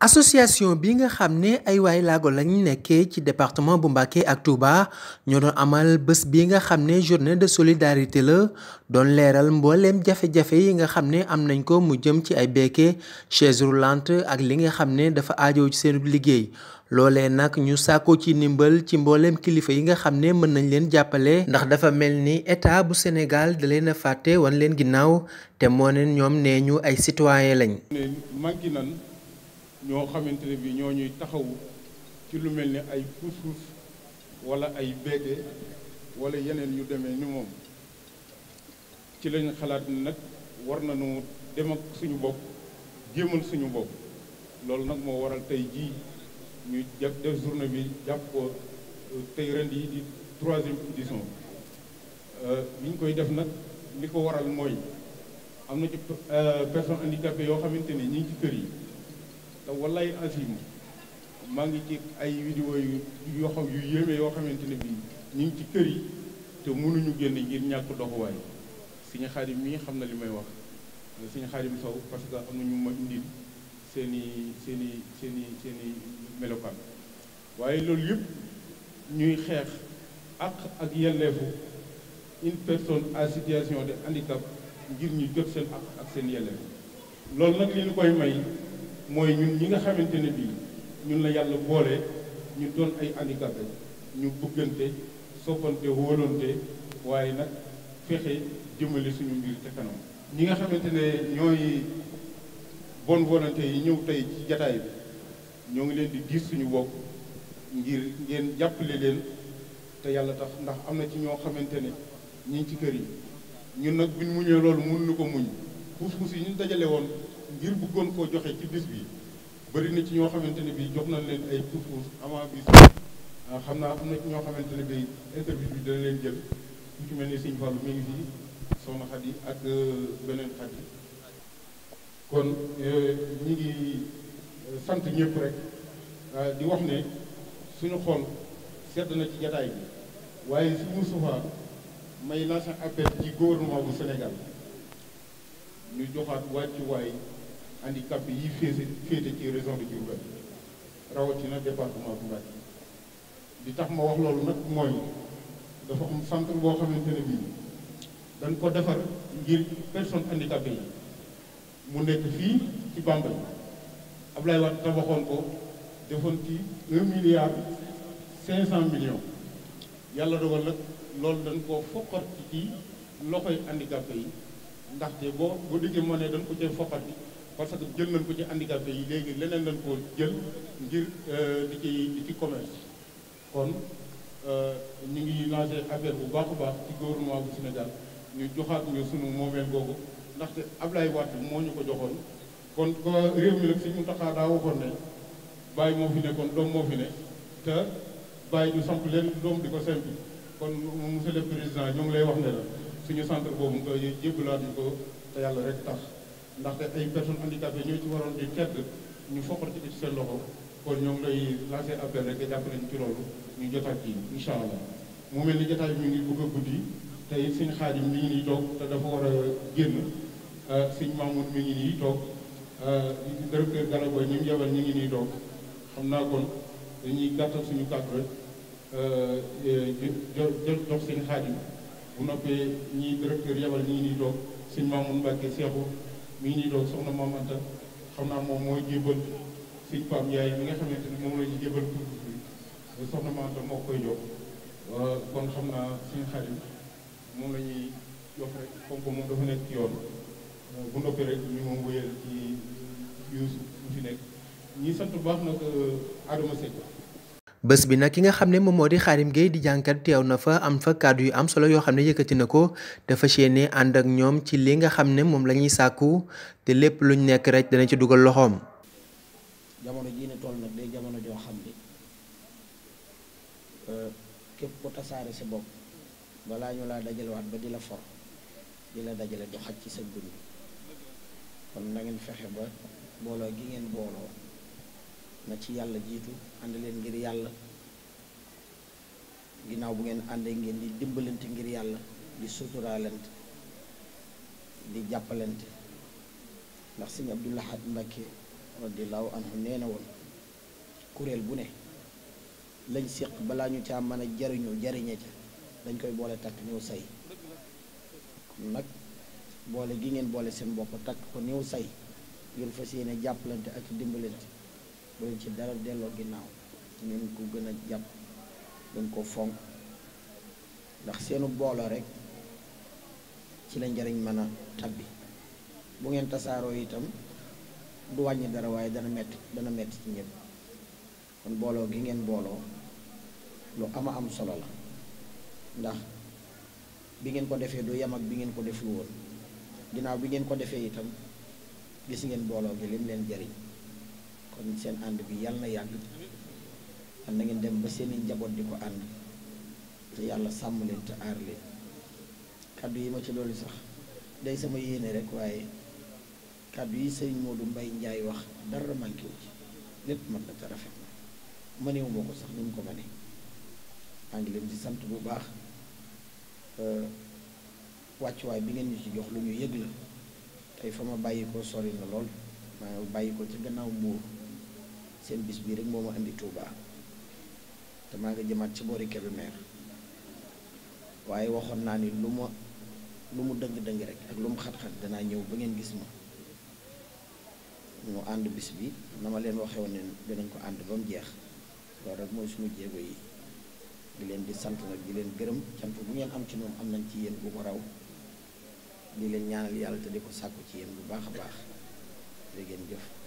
association bi nga xam ne ay waay laago lañu nekkee ci département bu Mbacké ak Touba ñoo doon amal bés bi nga xam ne journée de solidarité la doon leeral mbooleem jafe-jafe yi nga xam ne am nañ ko mu jëm ci ay bekke chaise roulante ak li nga xam ne dafa aajoo ci seen liggéey loole nag ñu sàkkoo ci ndimbal ci mbooleem kilifa yi nga xam ne mën nañ leen jàppale ndax dafa mel ni état bu Sénégal da leen fàtte wan leen ginnaaw te moo neen ñoom nee ñu ay citoyen lañ. ñoo xamante ne bi ñoo ñuy taxawu ci lu mel ni ay puus-puus wala ay bége wala yeneen yu demee ni moom ci lañ xalaat ni nag war nañu dem ak suñu bopp jéemal suñu bopp loolu nag moo waral tey jii ñu jàpp def journée bi jàpp ko euh, tey ren yi di troisième édition euh, bi ñu koy def nag li ko waral mooy am na ci euh, personnes handicapées yoo xamante ni ñi ci kër yi te wallaay asim maa ngi ci ay vidéo yu yoo xam yu yéeme yoo xamante ne bii ñu ngi ci kër yi te mënuñu génn ngir ñàkk doxuwaay suñu xaadim mii xam na li may wax suñu xaadim saw parce que am na ñu ma indil seen i seen i seen melokaan waaye loolu yëpp ñuy xeex ak ak yelleefu une personne à situation de handicap ngir ñu jot seen ak ak seen yelleef loolu nag li ñu koy may mooy ñun ñi nga xamante ne bii ñun la yàlla boole ñu doon ay handicapé ñu bëggante soppante wóolante waaye nag fexe jëmale suñu mbir te kanam ñi nga xamante ne ñooy bonne volonté yi ñëw tey ci jataay bi ñoo ngi leen di diis suñu bopp ngir ngeen jàppale leen te yàlla tax ndax am na ci ñoo xamante ne ñi ci kër yi ñun nag buñ muñee loolu mënuñu ko muñ puus-puus yi ñu dajale woon ngir bëggoon koo joxe ci bis bi bëri na ci ñoo xamante ne bi jox nañ leen ay puus avant bis ah, xam naa am na ci ñoo xamante ne bi interview bi dana leen jël ku ci mel ni Sëñ Fallu mi ngi fii soxna ak euh, beneen Xadi kon euh, ñi ngi euh, sant ñëpp rek ah, di wax ne suñu xol sedd na ci jataay bi waaye si Moustapha may lancer appel ci gouvernement bu senegal ñu joxaat wàccuwaay indi handicapé yi féete féete ci région de Diourbel rawatina département bu Mbacké li tax ma wax loolu nag mooy dafa am centre boo xamante ne bii dañ ko defar ngir personne handicapé yi mu nekk fii ci Bambey Ablaye Wade tabaxoon ko defoon ci un milliard cinq cent millions yàlla dogal nag loolu dañ koo foqati ci loxoy handicapé yi ndaxte boo boo diggee moo ne dañ ko cee bi parce que jël nañ ko ci handicapé yi léegi leneen lañ ko jël ngir euh, di ci di ci commerce kon euh, ñu ngi lancé affaire bu baax a baax ci gouvernement bu Sénégal ñu joxaat ñu sunu moomeel boobu ndaxte ab Ablaye Wade moo ñu ko joxoon kon ko réew mi nag si mu taxaa daa waxoon ne bàyyi moo fi ne kon doom moo fi ne te bàyyi ñu samp leen doom di ko simpi kon monsieur le président ñoo lay wax ne la suñu centre boobu nga jébbalaat ñu ko te yàlla rek tax ndaxte ay personnes handicapées ñoo ci waroon di tedd ñu foqal ci seen loxo kon ñoom ngi lay lancer appel rek jàpp nañ ci loolu ñu jotaat yi incha allah mu mel ni jotaay bi mi ngi bugg a guddi tey it sëñ Xaadim mi ngi nii toog te dafa war a génn euh, sëñ Mamoud mi ngi nii toog euh, directeur Galaboy ñi mu ngi nii toog xam naa kon dañuy gàttal suñu kàddu rek jël euh, jël jox sëñ Xaadim bu noppee ñii directeur yebal ñu ngi nii toog sëñ Mamoud Mbacke Seexu mi nii doon soxna Maam Anta xam naa moom mooy jébal sëñ Pape Ndiaye mi nga xamante ni moom la ñu jébal pour bi soxna Maam moo koy jox kon xam naa suñu xarit moom la ñuy jox rek comme que moom dafa nekk ci yoon bu noppi rek ñu moom wéyal ci Youssou mu fi nekk ñi sant bu baax nag euh, Adama Seck bés bi nag ki nga xam ne moom moo di xaarim géey di jànkat teew na fa am fa kàddu yu am solo yoo xam ne yëkkati na ko dafa séenee ànd ak ñoom ci li nga xam ne moom la ñuy sàkku te lépp luñ nekk rek dana ci dugal loxoom. jamono jii ne toll nag day jamono joo xam ne euh, képp ku tasaare si bopp balaa ñu laa dajalewaat ba di la for di la dajale du xaj ci sa dund kon na fexe ba booloo gi ngeen booloo. na ci yàlla jiitu ànd leen ngir yàlla ginnaaw bu ngeen àndee ngeen di dimbalante ngir yàlla di suturaalante di jàppalante ndax sëñ Abdou Lahad Mbacké radiallahu anhu nee na woon kuréel bu ne lañ séq balaa ñu caa mën a jariñoo jariñe ca dañ koy boole takk ñëw say kon nag boole gi ngeen boole seen bopp takk ko ñëw say ngir fas yéene jàppalante ak dimbalante bu leen ci dara delloo ginnaaw ngeen ko gën a jàpp gën ko fonk ndax seenu booloo rek ci la njariñ mën a tabbi bu ngeen tasaaroo itam du wàññi dara waaye dana mett dana metti ci ñëpp kon booloo gi ngeen booloo lu ama am solo la ndax bi ngeen ko defee du yem ak bi ngeen ko deful woon ginnaaw bi ngeen ko defee itam gis ngeen booloo gi lim leen jariñ kon seen ànd bi yàlla na yàgg am na ngeen dem ba seeni njaboot di ko ànd te yàlla sàmm leen te aar kàddu yi ma ci loolu sax day sama yéene rek waaye kàddu yi sëñ Modou mbay njaay wax dara manqué wu ci lépp mën na ca rafet na mënewu ko sax ni mu ko mënee maa ngi ci sant bu baax wàccuwaay bi ngeen ñu ci jox lu ñu yëg la tey fa ma bàyyi ko sori na lool maa bàyyi ko ci gannaaw mbuur seen bis bii rek moo ma indi Touba te maa ngi jëmaat ci boori Kébémer waaye waxoon naa ni lu ma lu mu dëng-dëng rek ak lu mu xat-xat danaa ñëw ba ngeen gis ma mu ànd bis bi na ma leen waxee woon ne dinañ ko ànd ba mu jeex loolu rek mooy suñu jéego yi di leen di sant nag di leen gërëm cant bu ngeen am ci moom am nañ ci yéen bu ko raw di leen ñaanal yàlla te di ko sàkku ci yéen bu baax a baax dégg ngeen jëf